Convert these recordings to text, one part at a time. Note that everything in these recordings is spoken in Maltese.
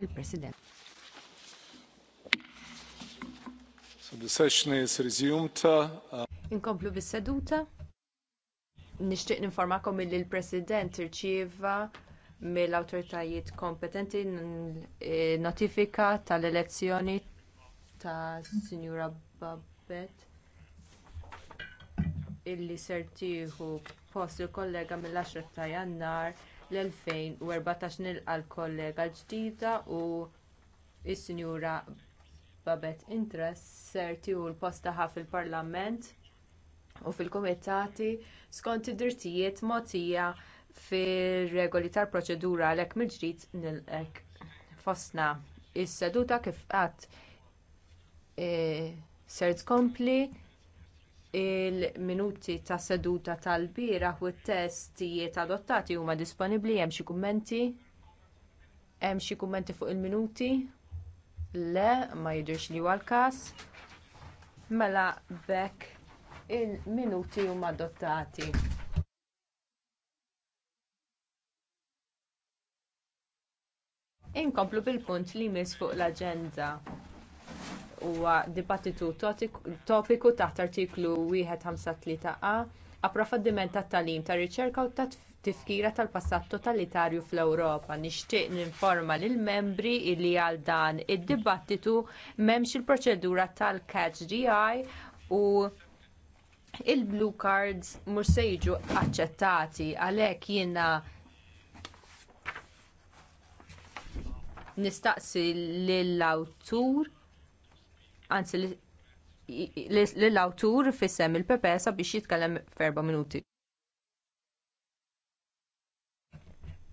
Il-President. So the session is resumed. Uh, Inkomplu bis-seduta. Nixtieq ninformakom milli l-President irċieva mill-awtoritajiet kompetenti notifika tal-elezzjoni ta' Sinjura Babet illi ser tieħu fost il-kollega mill-10 ta' jannar l-2014 nilqa l-kollega ġdida u s-sinjura Babet Interess ser tieħu l-post tagħha fil-Parlament u fil-Kumitati skont id-drittijiet mogħtija fir-regoli tal-proċedura għalhekk mill-ġdid nilqek fostna. Is-seduta kif qatt e, ser tkompli il-minuti ta' seduta tal-bieraħ u t-testijiet adottati huma disponibbli hemm xi kummenti hemm xi kummenti fuq il-minuti le ma jidhirx li huwa l-każ mela b'hekk il-minuti huma adottati inkomplu bil-punt li jmiss fuq l-aġenda huwa dibattitu topiku taħt artiklu 153a approfondiment tat-tagħlim tar-riċerka u ta' tifkira tal-passat totalitarju fl-Ewropa. Nixtieq ninforma lill membri li għal dan id-dibattitu m'hemmx il-proċedura tal-catch DI u il-blue cards mhux se jiġu aċċettati għalhekk jiena nistaqsi lill-awtur anzi lill-awtur fissem il pepesa biex jitkellem f'erba' minuti.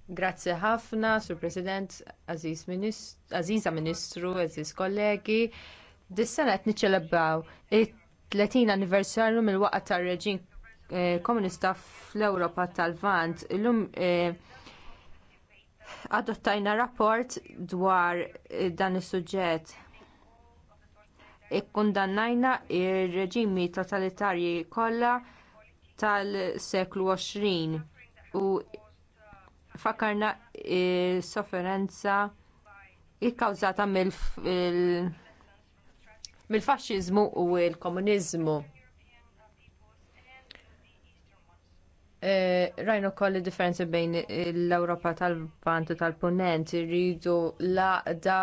Grazzi ħafna, Sur President, Aziz Ministru, Aziza Ministru, Aziz kollegi. Dis-sena qed niċċelebraw it-30 anniversarju mill-waqgħa tar-reġim eh, komunista fl-Ewropa tal-Vant. Illum eh, adottajna rapport dwar eh, dan is-suġġett ikkundannajna r reġimi totalitarji kollha tal-seklu 20 u fakarna s-sofferenza ikkawżata mill-faxxiżmu u l-komuniżmu. E, rajna wkoll id differenzi bejn l-Ewropa tal-Vant u tal-Punent irridu laqda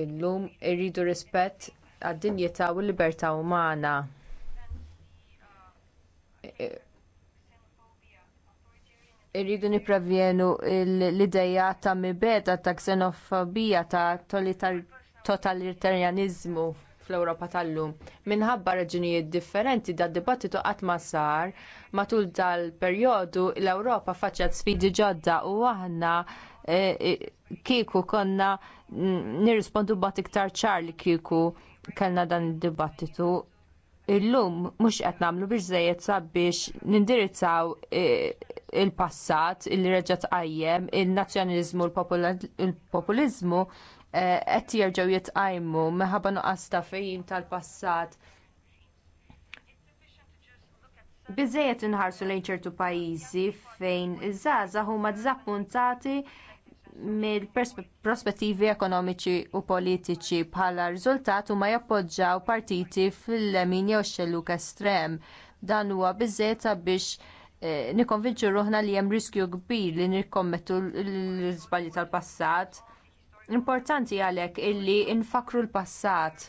illum irridu rispett għad-dinjità u l-libertà umana. Irridu nipprevenu l-ideja ta' mibeda ta' xenofobija ta' totalitarjaniżmu fl-Ewropa tal-lum. Minħabba raġunijiet differenti da' dibattitu qatt ma sar matul dal-perjodu l-Ewropa faċċat sfidi ġodda u aħna Eh, eh, kieku konna nirrispondu bat iktar ċar li kieku kellna dan id-dibattitu illum mhux qed nagħmlu biżżejjed sabiex nindirizzaw eh, il-passat il reġa' tqajjem il-nazzjonaliżmu l-populiżmu qed jerġgħu jitqajmu minħabba nuqqas ta' fejjim tal-passat. Biżejjed inħarsu lejn ċertu pajjiżi fejn iż-żgħażagħ huma dżappuntati mill-prospettivi ekonomiċi u politiċi bħala riżultat huma jappoġġjaw partiti fil-lemin jew xelluk estrem. Dan huwa biżżejjed sabiex eh, nikkonvinċu ruħna li hemm riskju kbir li nikkommettu l-iżbalji tal-passat. Importanti għalhekk illi nfakru l-passat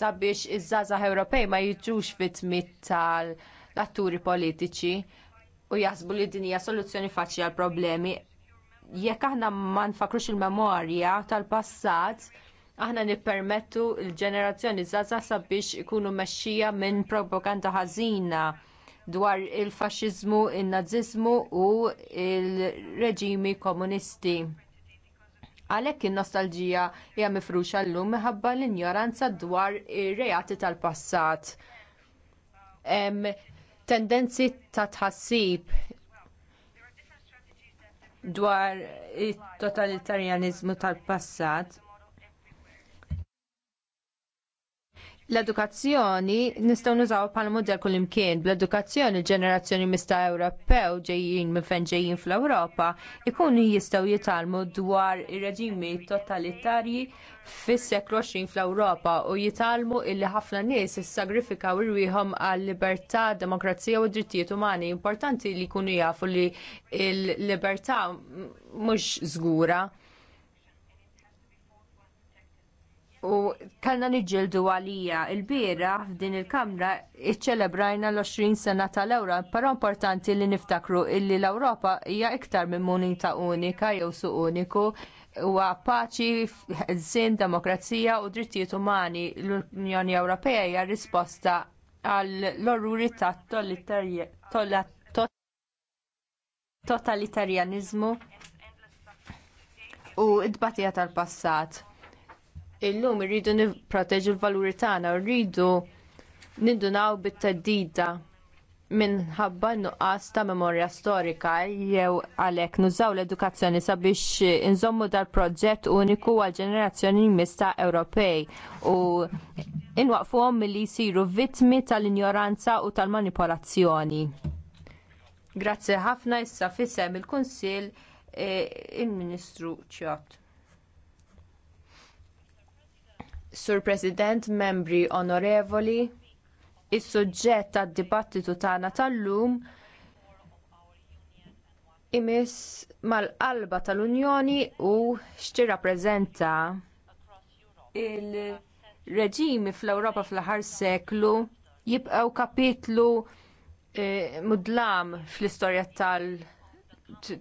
sabiex iż-żgħażagħ Ewropej ma jiġux vittmi tal-atturi politiċi u jaħsbu li din hija soluzzjoni faċli għal problemi jekk aħna ma nfakrux il-memorja tal-passat, aħna nippermettu l-ġenerazzjoni żgħażagħ sabiex ikunu mexxija minn propaganda ħażina dwar il faxiżmu in naziżmu u l reġimi komunisti. Għalhekk in-nostalġija hija mifruxa llum minħabba l-injoranza dwar ir-reati tal-passat. Tendenzi ta' tħassib dwar it-totalitarjaniżmu tal-passat L-edukazzjoni nistgħu nużaw bħala mudell kullimkien. Bl-edukazzjoni l-ġenerazzjoni mista' Ewropew ġejjin minn fejn ġejjin fl-Ewropa ikunu jistgħu jitalmu dwar ir-reġimi totalitarji fis-seklu 20 fl-Ewropa u jitalmu illi ħafna nies issagrifikaw irwieħhom għal libertà, demokrazija u drittijiet umani. Importanti li jkunu jafu li l-libertà mhux żgura u kellna niġġieldu għalija il-bira f'din il-kamra iċċelebrajna l-20 sena tal-ewra, però importanti li niftakru illi l-Ewropa hija iktar minn munita unika jew suq uniku huwa paċi, żin, demokrazija u drittijiet umani l-Unjoni Ewropea hija risposta għall orruri ta' totalitarjaniżmu u t tbatija tal-passat illum irridu nipproteġu l-valuri tagħna, rridu nindunaw bit-teddida minħabba nuqqas ta' memorja storika jew għalhekk nużaw l-edukazzjoni sabiex inżommu dal-proġett uniku għal ġenerazzjoni mista' Ewropej u inwaqfuhom milli jsiru vittmi tal-injoranza u tal-manipolazzjoni. Grazzi ħafna issa fisem il-Kunsill eh, il-Ministru Ċjott. Sur President, membri onorevoli, is-suġġett tad-dibattitu tagħna tal-lum imis mal-qalba tal-Unjoni u x'tirrappreżenta il-reġimi fl-Ewropa fl-aħħar seklu jibqgħu kapitlu eh, mudlam fl-istorja tal-Unjoni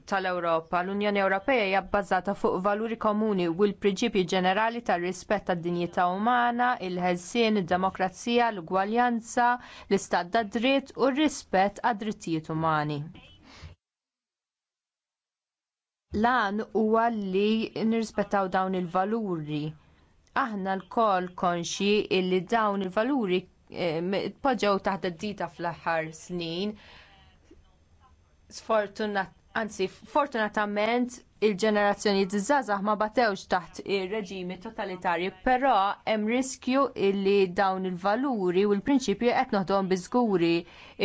tal-Ewropa. L-Unjoni Ewropea hija bbażata fuq valuri komuni u l-prinċipji ġenerali tar-rispett tad-dinjità umana, il-ħelsien, id-demokrazija, l-ugwaljanza, l-istat tad dritt u r-rispett għad-drittijiet umani. Lan huwa li nirrispettaw dawn il-valuri. Aħna lkoll konxi illi dawn il-valuri eh, poġġew taħt id-dita fl-aħħar snin sfortunat Anzi, fortunatament il-ġenerazzjoni żgħażagħ ma batewx taħt ir-reġimi totalitarji, però hemm riskju illi dawn il-valuri u l-prinċipji qed noħdom biżguri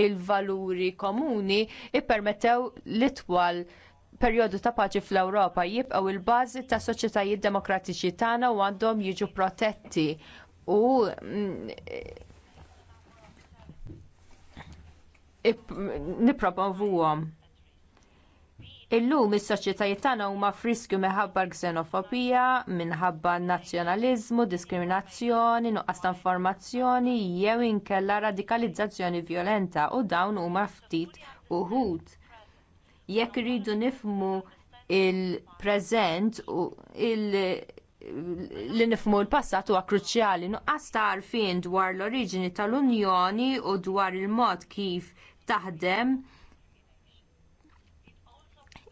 il-valuri komuni ippermettew li twal perjodu ta' paċi fl-Ewropa jibqgħu il-bażi ta' soċjetajiet demokratiċi tagħna u għandhom jiġu protetti. U mm, nipromovuhom. Illum is-soċjetajiet tagħna huma friskju minħabba l-ksenofobija, minħabba nazzjonaliżmu, diskriminazzjoni, nuqqas ta' informazzjoni jew inkella radikalizzazzjoni vjolenta u dawn huma ftit uħud. Jekk iridu nifhmu il-preżent u li nifhmu l-passat huwa kruċjali nuqqas ta' għarfien dwar l-oriġini tal-Unjoni u dwar il-mod kif taħdem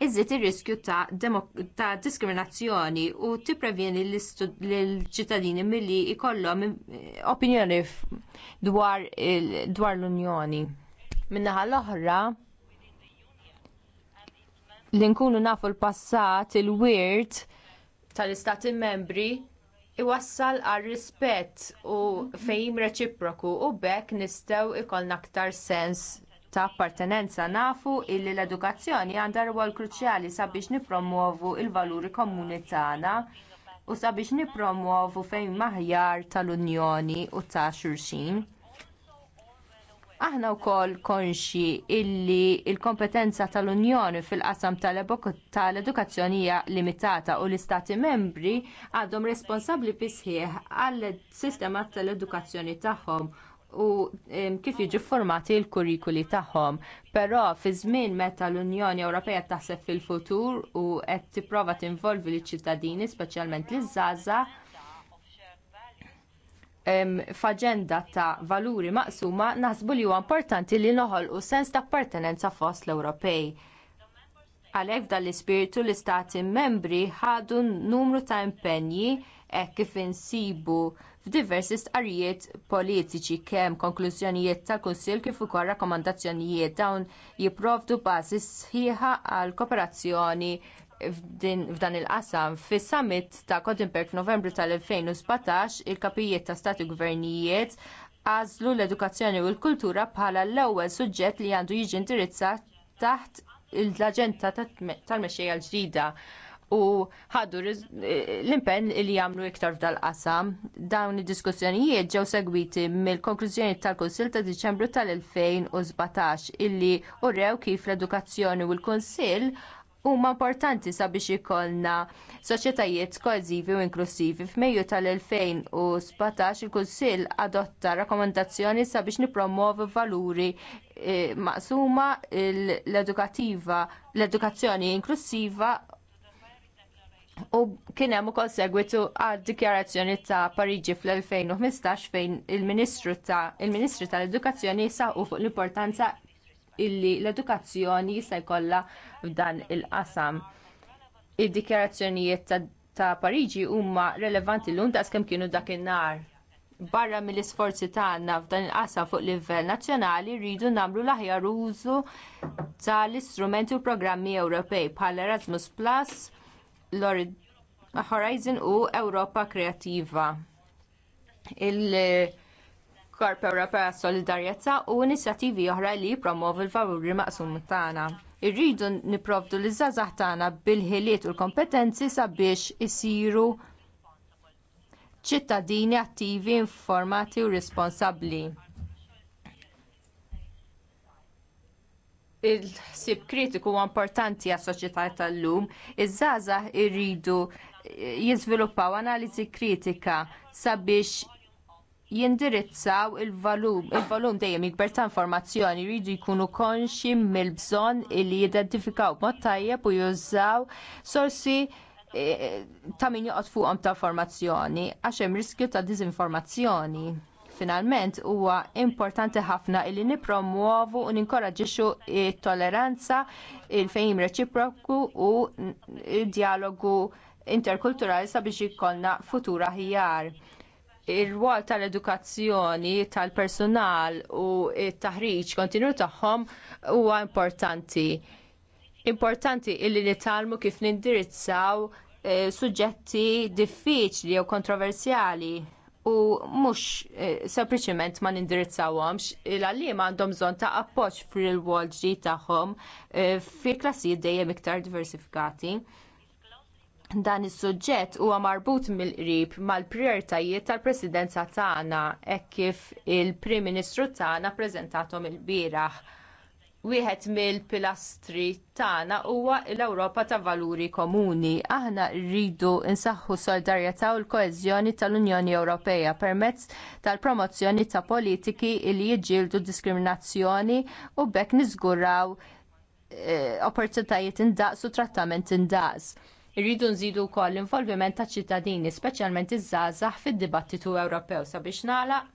iżżid ir-riskju ta', diskriminazzjoni u tipprevjeni l-ċittadini milli jkollhom eh, opinjoni dwar, l-Unjoni. Min-naħa l-oħra, li nkunu nafu l-passat il-wirt tal-istati membri iwassal għal rispett u fejm reċiproku u b'hekk nistgħu ikollna aktar sens ta' appartenenza nafu illi l-edukazzjoni għandha rwol kruċjali sabiex nippromuovu l valuri komuni tagħna u sabiex nippromuovu fejn aħjar tal-Unjoni u ta' xulxin. Aħna wkoll konxi illi l il kompetenza tal-Unjoni fil-qasam tal-edukazzjoni hija limitata u l-Istati membri għadhom responsabbli bi sħiħ għall-sistema tal-edukazzjoni tagħhom u kif jiġu formati l kurikuli tagħhom. Però fi żmien meta l-Unjoni Ewropea taħseb fil-futur u qed tipprova tinvolvi l-ċittadini, speċjalment l um, f'aġenda ta' valuri maqsuma naħsbu li huwa importanti li noħolqu sens ta' appartenenza fost l-Ewropej. Għalhekk dan l-ispiritu l-istati membri ħadu numru ta' impenji e kif insibu f'diversi stqarrijiet politiċi kemm konklużjonijiet tal-Kunsill kif ukoll rakkomandazzjonijiet dawn jipprovdu bażi sħiħa għal kooperazzjoni f'dan il-qasam fis-summit ta' Gothenburg f'Novembru tal-2017 il-kapijiet ta' stati gvernijiet għażlu l-edukazzjoni u l-kultura bħala l-ewwel suġġett li għandu jiġi indirizzat taħt l-aġenda tal-mexxejja l-ġdida u ħadu l-impenn li jagħmlu iktar f'dal-qasam. Dawn id-diskussjonijiet ġew segwiti mill-konklużjoni tal-Kunsill ta' Diċembru tal-2017 illi urrew kif l-edukazzjoni u l-Kunsill huma importanti sabiex ikollna soċjetajiet koeżivi u inklusivi. F'Mejju tal-2017 il-Kunsill adotta rakkomandazzjoni sabiex nippromovu valuri eh, maqsuma l-edukativa, l-edukazzjoni inklusiva U kien hemm ukoll segwitu għad dikjarazzjoni ta' Pariġi fl-2015 fejn il-Ministru ta' il tal-Edukazzjoni saqgħu fuq l-importanza illi l-edukazzjoni jista' jkollha f'dan il-qasam. Id-dikjarazzjonijiet ta' Pariġi huma relevanti llum ta' skemm kienu dakinhar. Barra mill-isforzi tagħna f'dan il-qasam fuq livell nazzjonali rridu nagħmlu l-aħjar użu tal-istrumenti u programmi Ewropej bħal Erasmus Plus Horizon u Ewropa Kreattiva. Il-Korp Ewropea Solidarjetà u inizjattivi oħra li jippromovu l-valuri maqsum tagħna. Irridu nipprovdu l żgħażagħ tagħna bil-ħiliet u l-kompetenzi sabiex isiru ċittadini attivi, informati u responsabbli il-ħsieb kritiku huwa importanti għas soċjetà tal-lum, iż-żgħażagħ irridu jiżviluppaw analiżi kritika sabiex jindirizzaw il-volum il dejjem jikber ta' informazzjoni jridu jkunu konxi mill-bżonn li jidentifikaw b'mod tajjeb u jużaw sorsi e, ta' min joqgħod fuqhom ta' informazzjoni għax hemm riskju ta' diżinformazzjoni finalment huwa importanti ħafna li nippromuovu u ninkoraġġixxu t-tolleranza, il-fejm reċiproku u d-dialogu interkulturali sabiex ikollna futur aħjar ir-rwol tal-edukazzjoni tal-personal u t-taħriġ kontinu tagħhom huwa importanti. Importanti illi nitalmu kif nindirizzaw eh, suġġetti diffiċli jew kontroversjali u mhux eh, sempliċement ma nindirizzawhomx il-għalliema għandhom bżonn ta' appoġġ fil-wall ġdid tagħhom eh, fi klassijiet dejjem iktar diversifikati. Dan is-suġġett huwa marbut mill-qrib mal-prijoritajiet tal-Presidenza tagħna hekk kif il-Prim Ministru tagħna ppreżentathom ilbieraħ wieħed mill-pilastri tagħna huwa l-Ewropa ta' valuri komuni. Aħna rridu nsaħħu solidarjetà u l-koeżjoni tal-Unjoni Ewropea permezz tal-promozzjoni ta' politiki li jiġġieldu diskriminazzjoni u bekk niżguraw eh, opportunitajiet indaqs u trattament indaqs. Irridu nżidu wkoll l-involviment ta' ċittadini, speċjalment iż-żgħażagħ fid-dibattitu Ewropew sabiex nagħlaq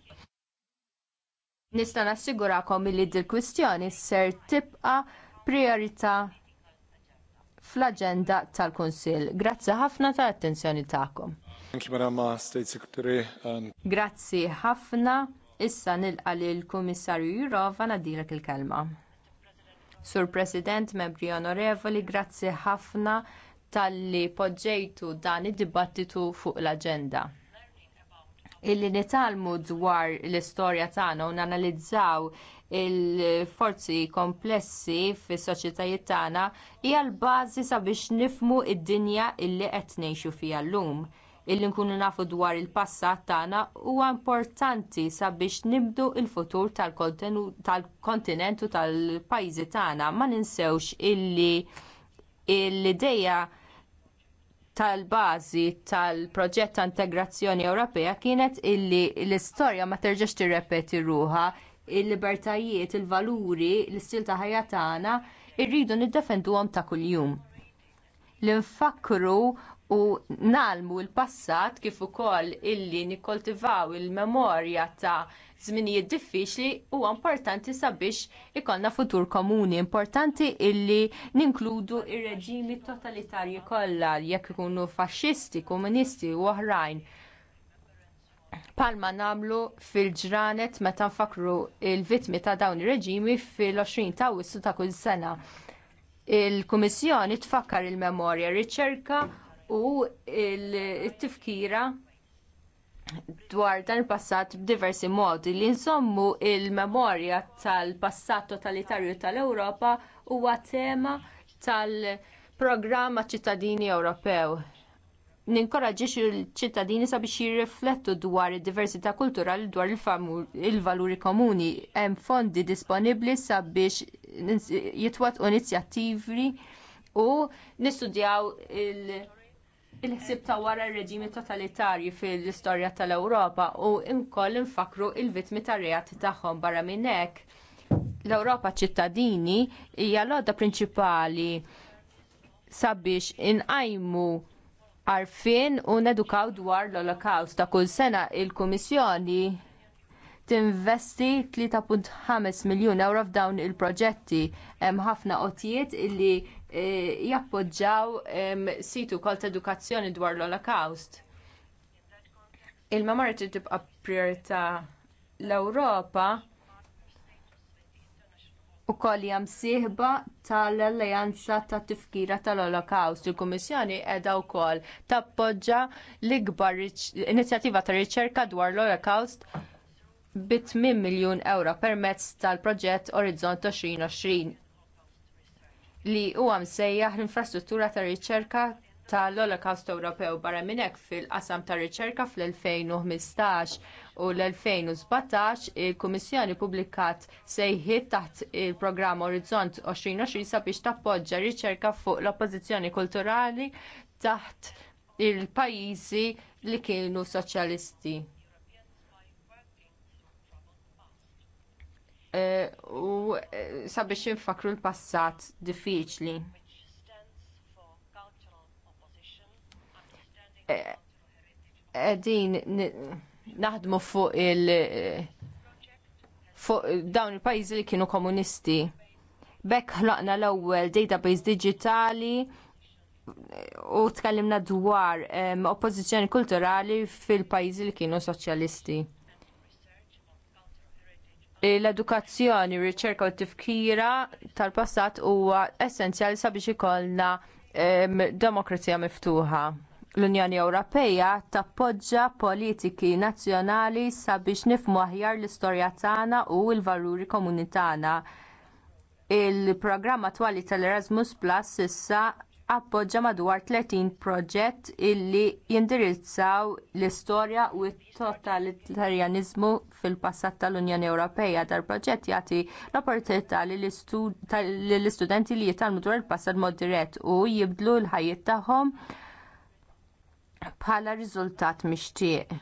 Nista' nassigurakom li dil kwistjoni ser tibqa' priorità fl-aġenda tal-Kunsill. Grazzi ħafna tal-attenzjoni tagħkom. Uh, grazzi ħafna. Issa nilqa lil kummissarju Jurova nadilek il-kelma. Sur President, membri onorevoli, grazzi ħafna talli poġġejtu dan id-dibattitu fuq l-aġenda illi nitalmu dwar l-istorja tagħna u nanalizzaw il-forzi komplessi fis-soċjetajiet tagħna hija l-bażi sabiex nifhmu id-dinja illi qed ngħixu fiha llum illi nkunu nafu dwar il-passat tagħna huwa importanti sabiex nibdu l futur tal-kontinent u tal-pajjiżi tagħna ma ninsewx illi l-idea tal-bażi tal-proġett ta' integrazzjoni Ewropea kienet illi l-istorja ma terġax tirrepeti ruha il-libertajiet, il-valuri, l-istil ta' ħajja tagħna irridu niddefenduhom ta' kuljum. L-infakru u nalmu l-passat kif ukoll illi nikkultivaw il-memorja ta' żminijiet diffiċli huwa importanti sabiex ikollna futur komuni. Importanti illi ninkludu ir-reġimi totalitarji kollha jekk ikunu faxxisti, komunisti u oħrajn. Palma nagħmlu fil-ġranet meta nfakru l vittmi ta' dawn ir-reġimi fil-20 ta' wissu ta' kull sena. Il-Kummissjoni tfakkar il-memorja riċerka u il-tifkira dwar dan il-passat b'diversi modi li nsommu il-memorja tal-passat totalitarju tal-Ewropa huwa tema tal-programma ċittadini Ewropew. Ninkoraġġi l ċittadini sabiex jirriflettu dwar id-diversità kulturali dwar il-valuri komuni. Hemm fondi disponibbli sabiex jitwat inizjattivi u nistudjaw il- il-ħsib ta' wara r-reġimi totalitarji fil-istorja tal-Ewropa u inkoll infakru il-vittmi tar-reati tagħhom barra minn hekk. L-Ewropa ċittadini hija l-għodda prinċipali sabiex inqajmu għarfien u nedukaw dwar l olokaust ta' kull sena il-Kummissjoni tinvesti 3.5 miljun euro f'dawn il-proġetti hemm ħafna qotijiet illi Eh, jappoġġaw situ kol ta' edukazzjoni dwar l-Holocaust. Il-memorja trid tibqa' priorità l-Ewropa ukoll hija msieħba tal-Alleanza tat-Tifkira tal-Holocaust. Il-Kummissjoni qiegħda wkoll tappoġġa l-ikbar inizjattiva ta' riċerka dwar l-Holocaust bi 8 miljun euro permezz tal-proġett Orizzont 2020 li huwa msejjaħ l-infrastruttura ta' riċerka tal-Holocaust Ewropew barra minn hekk fil-qasam tar riċerka fl-2015 u l-2017 il-Kummissjoni ppubblikat sejħiet taħt il-programm Orizzont 2020 sabiex tappoġġa riċerka fuq l-oppożizzjoni kulturali taħt il-pajjiżi li kienu soċjalisti. Eh, u eh, sabiex infakru l-passat diffiċli. Eh, din naħdmu fuq il fuq dawn il-pajjiżi li kienu komunisti. Bekk ħloqna l-ewwel database digitali u tkellimna dwar oppożizzjoni kulturali fil-pajjiżi li kienu soċjalisti. L-edukazzjoni, r-riċerka u t-tifkira tal-passat huwa essenzjali sabiex ikollna demokrazija miftuħa l-Unjoni Ewropea tappoġġa politiki nazzjonali sabiex nifhmu aħjar l-istorja tagħna u l-valuri komuni tagħna. Il-programm attwali tal-Erasmus Plus issa appoġġa madwar 30 proġett illi jindirizzaw l-istorja u t-totalitarjaniżmu fil-passat tal-Unjoni Ewropea. Dar proġett jagħti l-opportunità lill-istudenti li jitalmu dwar il-passat mod dirett u jibdlu l-ħajjiet tagħhom bħala riżultat mixtieq.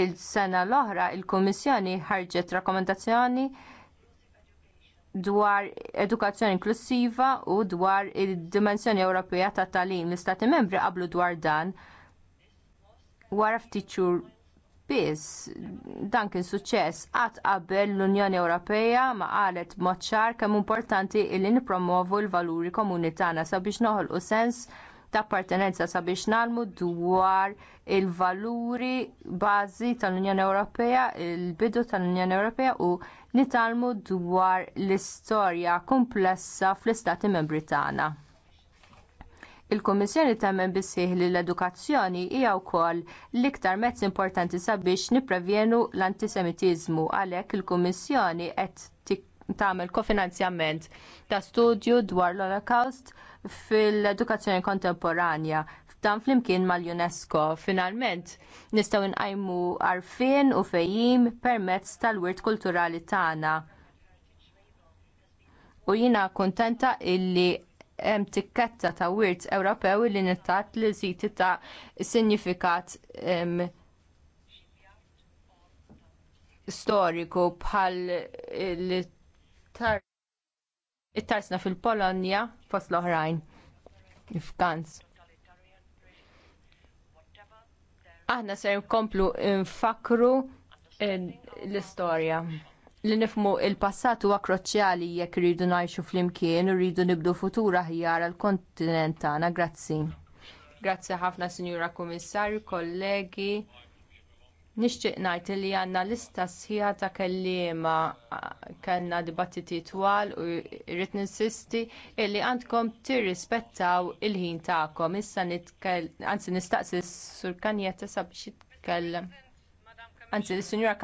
Il-sena l-oħra, il-Kummissjoni ħarġet rakkomandazzjoni dwar edukazzjoni inklusiva u dwar id-dimensjoni Ewropea ta' talim l-Istati membri qablu dwar dan wara ftit xhur biss dan kien suċċess qatt qabel l-Unjoni Ewropea ma qalet b'mod ċar kemm importanti li nippromovu l-valuri komuni tagħna sabiex noħolqu sens ta' appartenenza sabiex nagħmlu dwar il-valuri bażi tal-Unjoni Ewropea, il-bidu tal-Unjoni Ewropea u nitalmu dwar l-istorja komplessa fl-istati membri tagħna. Il-Kummissjoni temmen bisih li l-edukazzjoni hija wkoll l-iktar mezz importanti sabiex nipprevenu l-antisemitiżmu għalhekk il-Kummissjoni qed tagħmel kofinanzjament ta' studju dwar l-Holocaust fil-edukazzjoni kontemporanja dan flimkien mal-UNESCO. Finalment, nistgħu nqajmu arfien u fejjim permezz tal-wirt kulturali tagħna. U jiena kuntenta illi hemm tikketta ta' wirt Ewropew li nittat li siti ta' sinifikat storiku bħal it-tarsna fil-Polonja fost l-oħrajn Aħna ser komplu nfakru eh, l-istorja li nifmu il-passat huwa kroċjali jekk rridu ngħixu flimkien u rridu nibdu futur aħjar għall kontinent tagħna. Grazzi. Grazzi ħafna Sinjura Kummissarju, kollegi. Nixtieq ngħid li għandna lista sħiħa ta' kelliema kellna dibattiti twal u rrid ninsisti li għandkom tirrispettaw il-ħin tagħkom. Issa anzi nistaqsi s-Sur Kanjeta sabiex jitkellem. Anzi, l-Sinjura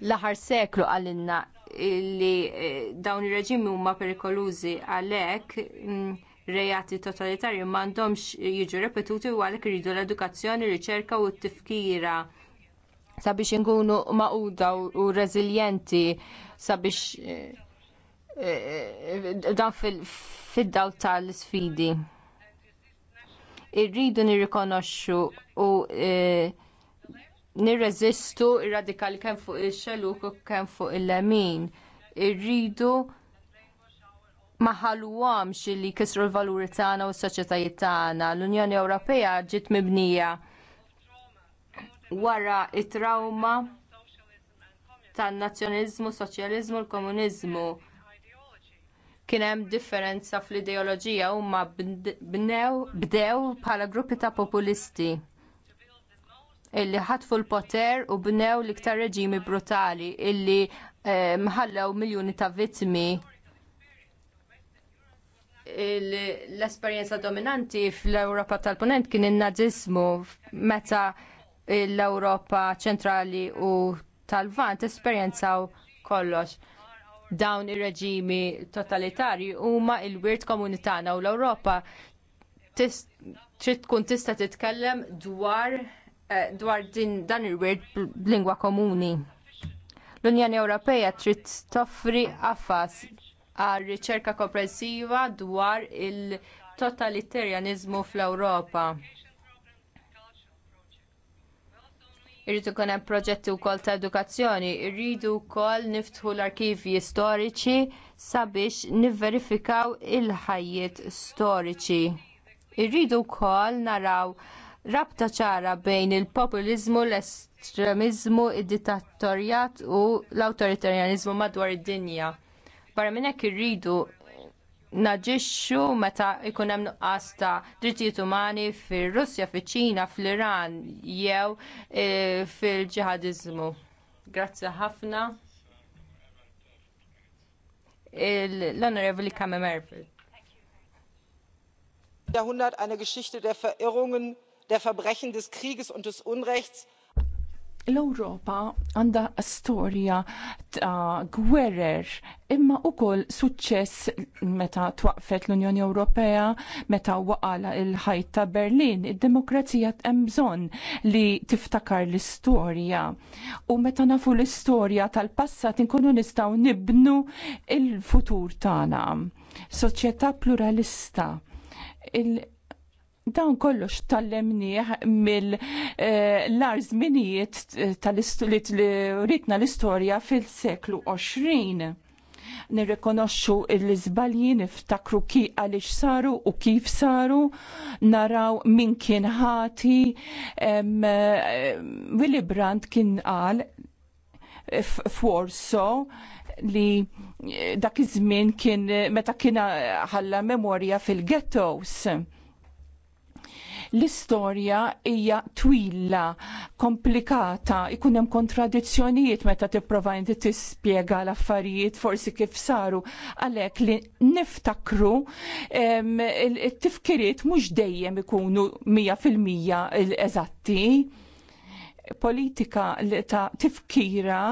L-aħħar seklu għalinna li eh, dawn ir-reġimi huma perikolużi għalhekk mm, rejati totalitarji m'għandhomx jiġu repetuti u għalhekk iridu l-edukazzjoni, riċerka u t-tifkira sabiex inkunu maquda u reżiljenti sabiex eh, dan fid-daw tal isfidi Irridu nirrikonoxxu u eh, nirreżistu r radikali kemm fuq ix-xeluk u kemm fuq il-lemin. Irridu ma ħalluhomx li kisru l-valuri tagħna u s-soċjetajiet tagħna. L-Unjoni Ewropea ġiet mibnija wara t trauma tan-nazzjonizmu, soċjaliżmu u l-komuniżmu. Kien hemm differenza fl-ideoloġija huma bdew bħala gruppi ta' populisti illi ħatfu l-poter u bnew l-iktar reġimi brutali illi eh, mħallew miljuni ta' vittmi l-esperjenza dominanti fl-Ewropa tal-Punent kien in-naziżmu meta l-Ewropa ċentrali u tal-Vant esperjenzaw kollox. Dawn ir-reġimi totalitarji huma l wirt komunitana u l-Ewropa trid tkun tista' titkellem dwar eh, dwar din dan il-wirt b'lingwa komuni. L-Unjoni Ewropea trid toffri affas għal riċerka komprensiva dwar il totalitarjaniżmu fl-Ewropa. Irridu ikun hemm proġetti wkoll ta' edukazzjoni, irridu wkoll niftħu l-arkivi storiċi sabiex nivverifikaw il-ħajjiet storiċi. Irridu wkoll naraw rabta ċara bejn il-populiżmu, l-estremiżmu, id-dittatorjat u l-awtoritarjanizmu madwar id-dinja. Barra minn hekk irridu naġixxu meta jkun hemm nuqqas ta' drittijiet umani fir-Russja, fiċ-Ċina, fl-Iran jew e, fil-ġihadiżmu. Grazzi ħafna. L-Onorevoli Kamer Merfil. Jahrhundert eine Geschichte der Verirrungen, der Verbrechen des Krieges und des Unrechts l-Ewropa għandha storja ta' gwerer imma wkoll suċċess meta twaqfet l-Unjoni Ewropea, meta waqala il-ħajt ta' Berlin, id-demokrazija hemm bżonn li tiftakar l-istorja. U meta nafu l-istorja tal-passat inkunu nistgħu nibnu l futur tagħna. Soċjetà pluralista il Dan kollox tallemnieh mill eh, eh, tal-istulit li ritna l-istorja fil-seklu 20 nirrikonoxxu l-iżbalji niftakru ki għaliex saru u kif saru, naraw min kien ħati. Eh, Willy Brandt kien qal f'Warsaw li dak iż-żmien kien meta kien ħalla memorja fil-ghettos L-istorja hija twila, komplikata, ikun hemm kontradizzjonijiet meta tipprova inti tispjega l-affarijiet forsi kif saru għalhekk li niftakru it-tifkiriet mhux dejjem ikunu 100% l-eżatti. Politika li ta' tifkira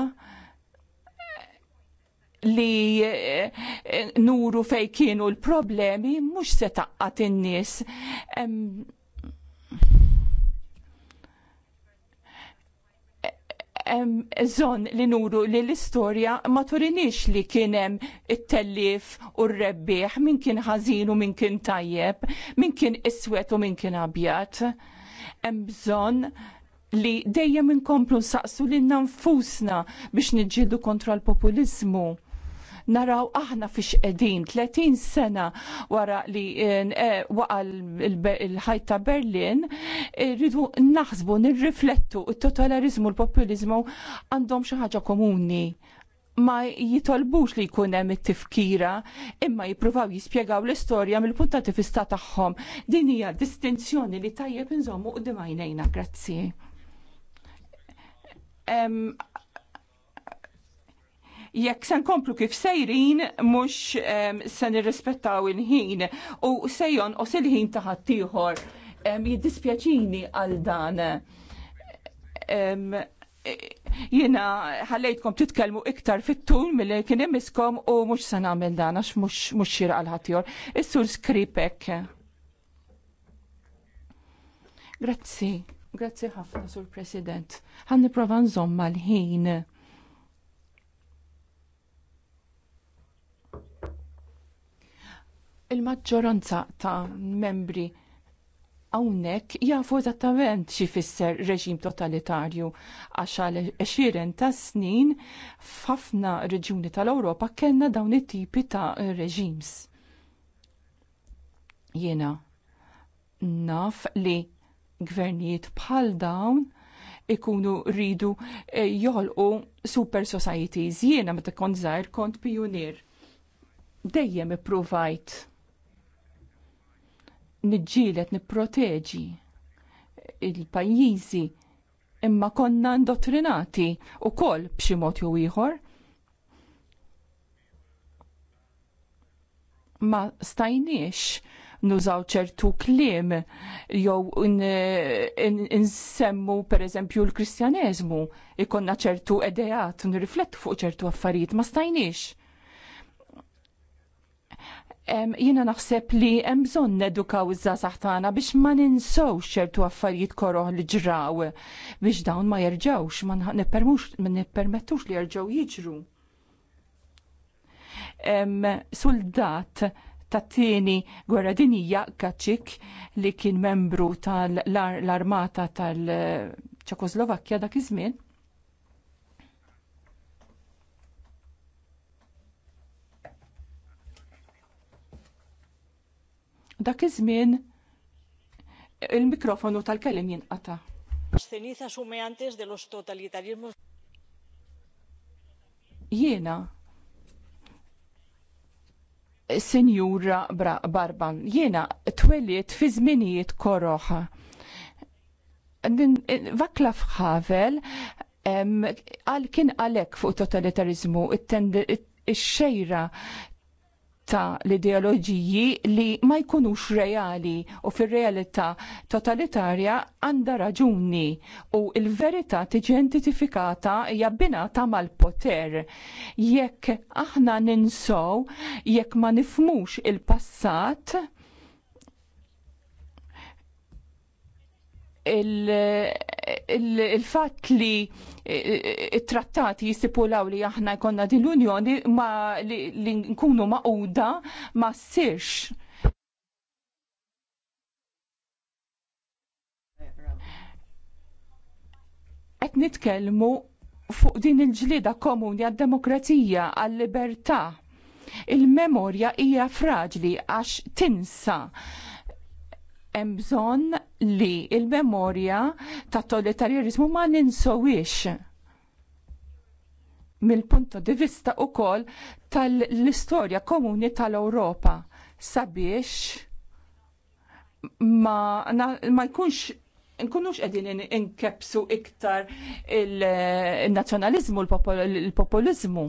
li eh, nuru fej kienu l-problemi mux se taqqat in-nies. zon li nuru li l-istorja ma turinix li kienem it-tellif u r-rebbieħ min kien ħażin u min kien tajjeb, min kien iswet u min kien abjat. Hemm bżonn li dejjem inkomplu nsaqsu lilna nfusna biex niġġieldu kontra l-populizmu naraw aħna fiex qegħdin 30 sena wara li eh, eh, waqa l-ħajta Berlin eh, rridu naħsbu nirriflettu il totalarizmu l-populizmu għandhom xi ħaġa komuni ma jitolbux li jkun hemm it-tifkira, imma jippruvaw jispjegaw l-istorja mill-punt tifista tagħhom. Din hija distinzjoni li tajjeb inżommu u għajnejna, grazzi jekk se nkomplu kif sejrin mhux um, se nirrispettaw il-ħin u u se il-ħin ta' ħaddieħor um, jiddispjaċini għal dan. Um, jiena ħallejtkom titkellmu iktar fit-tul mill kien imiskom u mhux se nagħmel dan għax mhux xir għal ħaddieħor. Is-sur skripek. Grazzi, grazzi ħafna sur President. Ħan nipprova nżomm mal-ħin. il-maġġoranza ta' membri hawnhekk jafu eżattament xi fisser reġim totalitarju għax għal għexieren ta' snin f'ħafna reġjuni tal-Ewropa kellna dawn it-tipi ta' reġims. Jiena naf li gvernijiet bħal dawn ikunu rridu eh, jolqu super societies. Jiena meta kont żgħir kont pionier. Dejjem ippruvajt nġilet nipproteġi il-pajjiżi imma konna indottrinati u koll b'xi mod jew ieħor. Ma stajniex nużaw ċertu kliem jew insemmu per eżempju l-kristjaneżmu ikonna ċertu edejat nirriflettu fuq ċertu affarijiet ma stajniex. Jiena naħseb li hemm bżonn nedukaw iż-żasaħ tagħna biex ma ninsew xertu affarijiet koroħ li ġraw biex dawn ma jerġgħux ma nippermettux li jerġgħu jiġru. Soldat tat tieni gwerra dinija kaċik li kien membru tal-armata tal-Ċekoslovakkja dak iż-żmien Dak iż-żmien il-mikrofonu tal-kelim jinqata. Cenizas humeantes de los totalitarismos. Jiena Sinjura Barban, jiena twelliet fi żminijiet koroħa. Vakla fħavel għal kien għalek fuq totalitarizmu, il-xejra ta' l-ideoloġiji li ma jkunux reali u fil-realità totalitarja għanda raġuni u il-verità tiġi identifikata hija ta' mal-poter. Jekk aħna ninsow, jekk ma nifmux il-passat, il-fatt li eh, il-trattati jistipulaw li aħna jkonna din l-Unjoni ma li nkunu maquda ma ssirx. Qed nitkellmu fuq din il-ġlida komuni għad-demokrazija, għall-libertà. Il-memorja hija fraġli għax tinsa hemm bżonn li il-memorja ta' totalitarjerizmu ma ninsowix mill-punto di vista koll tal-istorja komuni tal-Ewropa sabiex ma, ma jkunx nkunux qegħdin inkepsu iktar il-nazzjonaliżmu, il-populizmu. il nazzjonaliżmu il populizmu il il populizmu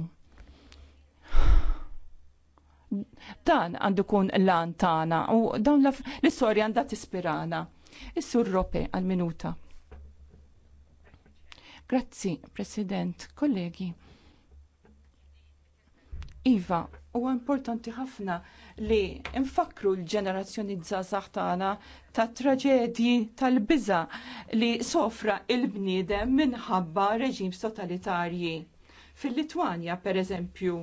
Dan għandu kun lan tana u dawn l-istorja għandha tispirana. Is-sur Rope għal-minuta. Grazzi, President, kollegi. Iva, huwa importanti ħafna li nfakru l-ġenerazzjoni zazax tagħna ta' traġedji tal-biża li sofra il-bniedem minħabba reġim totalitarji. Fil-Litwanja, pereżempju,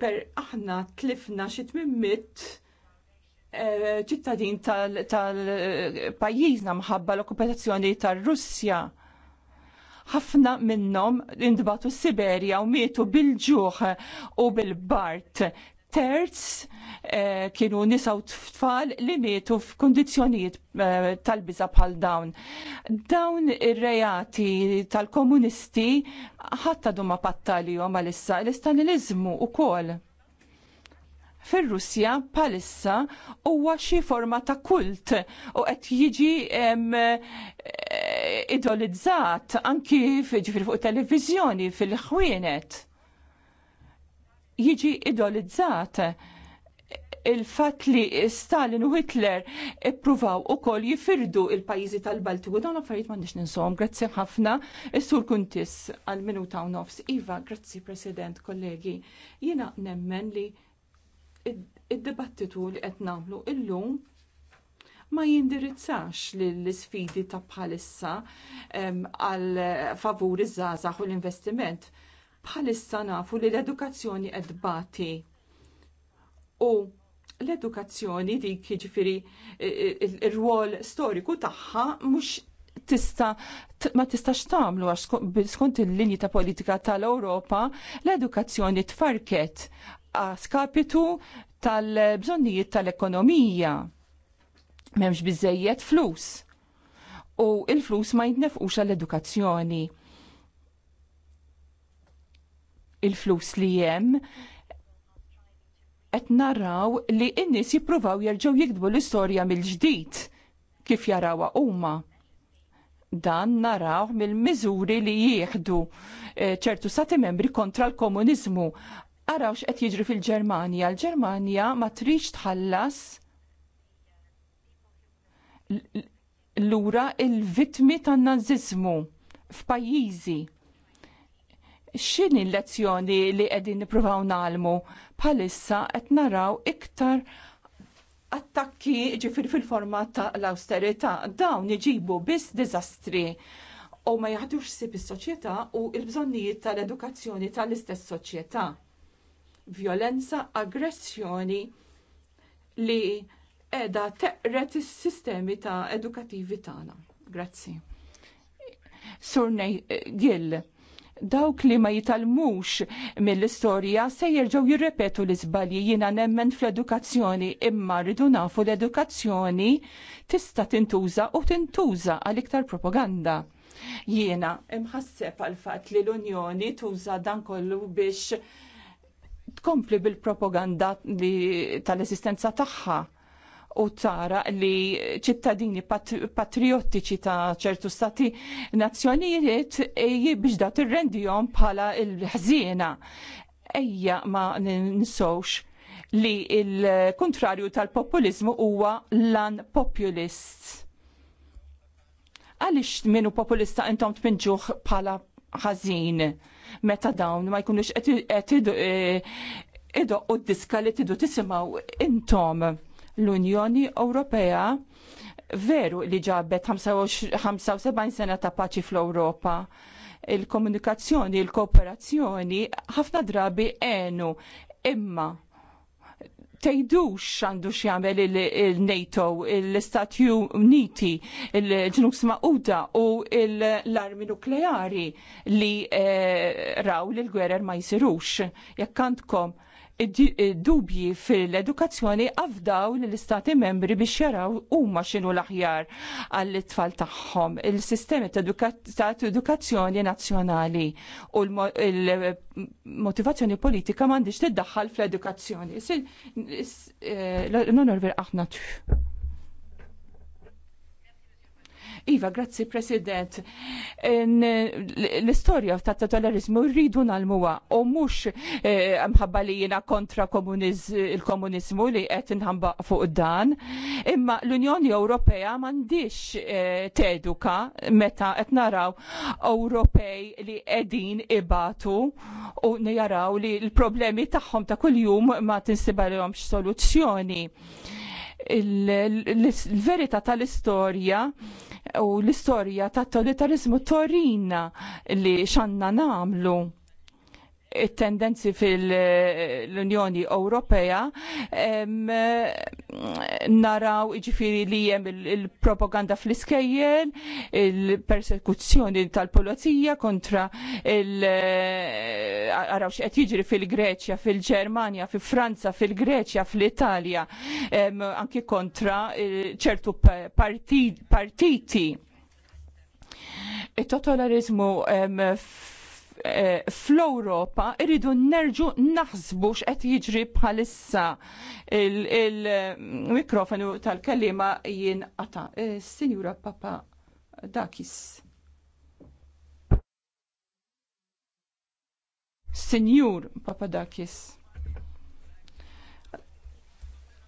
per aħna tlifna xi tmimmit eh, ċittadin tal-pajjiżna mħabba l-okkupazzjoni tar-Russja. Ħafna minnhom indbatu s Siberja u mietu bil-ġuħ u bil-bart terz eh, kienu nisaw tfal li mietu f'kondizjonijiet eh, tal-biza bħal dawn. Dawn ir-rejati tal-komunisti ħatta duma pattali jom għalissa l-istanilizmu u kol. Fir-Russja palissa huwa xi forma ta' kult u qed jiġi eh, idolizzat anki fuq televiżjoni fil-ħwienet. fil-ħwienet jiġi idolizzat il-fat li Stalin u Hitler ippruvaw u koll jifirdu il-pajizi tal-Baltiku. Dawn affarijiet m'għandix ninsom. Grazzi ħafna. Is-sur kuntis għal minuta u nofs. Iva, grazzi President, kollegi. Jiena nemmen li id-dibattitu li qed nagħmlu illum ma jindirizzax l-sfidi ta' bħalissa għal favur iż-żgħażagħ u l-investiment Bħalissa nafu li l-edukazzjoni qed U l-edukazzjoni dik jiġifieri il rwol storiku tagħha mhux tista ma tistax tagħmlu għax skont il-linji ta' politika tal-Ewropa l-edukazzjoni tfarket skapitu tal-bżonnijiet tal-ekonomija. M'hemmx biżejjed flus. U il-flus ma jitnefqux għall-edukazzjoni il-flus li jem, qed naraw li n-nies jippruvaw jerġgħu jikdbu l-istorja mill-ġdid kif jarawha huma. Dan naraw mill-miżuri li jieħdu eh, ċertu stati membri kontra l-komuniżmu. Araw x'qed jiġri fil-Ġermanja. L-Ġermanja ma trix tħallas lura il-vitmi tan-naziżmu f'pajjiżi x'inhi l-lezzjoni li qegħdin nippruvaw nagħmlu bħalissa qed naraw iktar attakki ġifir fil-forma ta' l-austerita dawn iġibu biss dizastri u ma jaħdux sib is-soċjetà u l-bżonnijiet tal-edukazzjoni tal-istess soċjetà. Violenza, aggressjoni li edha teqret is-sistemi ta' edukattivi tagħna. Grazzi. Surnej Gill dawk li ma jitalmux mill-istorja se jerġgħu jirrepetu l-iżbalji jiena nemmen fl-edukazzjoni imma rridu nafu l-edukazzjoni tista' tintuża u tintuża għal iktar propaganda. Jiena imħasseb għal fatt li l-Unjoni tuża dan kollu biex tkompli bil-propaganda tal-esistenza tagħha u tara li ċittadini patriottiċi ta' ċertu stati nazzjonijiet e, biex da tirrendihom bħala il ħżiena Ejja ma ninsowx li il-kontrarju tal-populizmu huwa lan populist. Għalix minu populista intom tpinġuħ bħala ħażin meta dawn ma jkunux qed idoq e, u diska li tidu tisimgħu intom l-Unjoni Ewropea veru li ġabet 75 sena ta' paċi fl-Ewropa il-komunikazzjoni, il-kooperazzjoni ħafna drabi għenu imma tejdux għandu xjamel il-NATO, l-Istati Uniti, il-ġnus Mauda u l-armi nukleari li eh, raw li l-gwerer ma jisirux. Jekk għandkom dubji fil-edukazzjoni għafdaw l-istati membri biex jaraw huma xinu l-aħjar għall-tfal tagħhom. Il-sistemi ta' edukazzjoni nazzjonali u l-motivazzjoni politika m'għandix tiddaħħal fl-edukazzjoni. Eh, L-onorver aħna Iva, grazzi President. L-istorja ta' totalarizmu rridu nalmuwa u mux eh, mħabba li jina kontra il-komunizmu li qed nħamba fuq dan, imma l-Unjoni Ewropea m'għandix eh, teduka meta qed naraw Ewropej li qegħdin ibatu u jaraw li l-problemi tagħhom ta' kuljum ma tinsibalhomx soluzzjoni. Il-verità tal-istorja u l-istorja tat-totalitarizmu torina li xanna namlu tendenzi fil-Unjoni Ewropea naraw iġifiri li jem il-propaganda fl-iskejjel, il-persekuzzjoni tal-polizija kontra il-araw xqed jiġri fil-Greċja, fil-Ġermanja, fil-Franza, fil-Greċja, fil-Italja, anki kontra eh, ċertu partiti. Il-totalarizmu Eh, fl-Europa irridu nerġu naħsbu x'qed jiġri bħalissa il-mikrofonu eh, tal-kellima jinqata. Eh, Sinjura Papa Dakis. Sinjur Papadakis.